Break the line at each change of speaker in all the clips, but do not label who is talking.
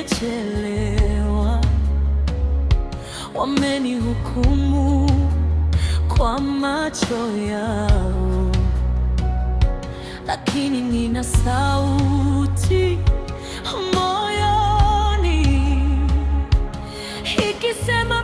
nimechelewa, wamenihukumu kwa macho yao, lakini nina sauti moyoni ikisema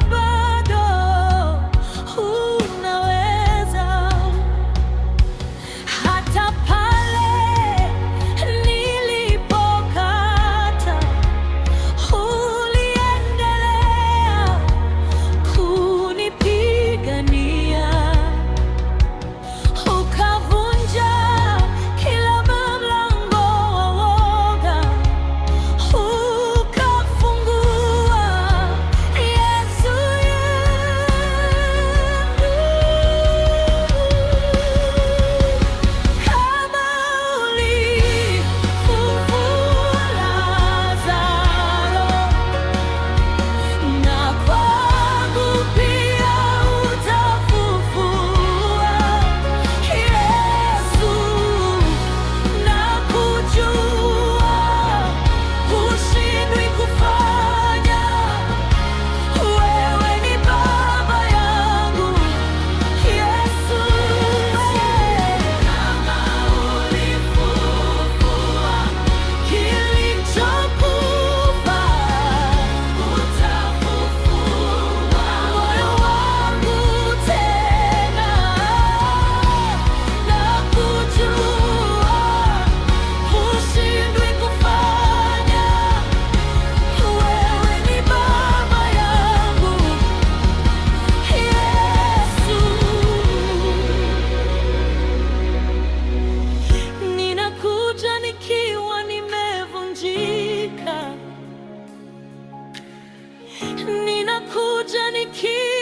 keep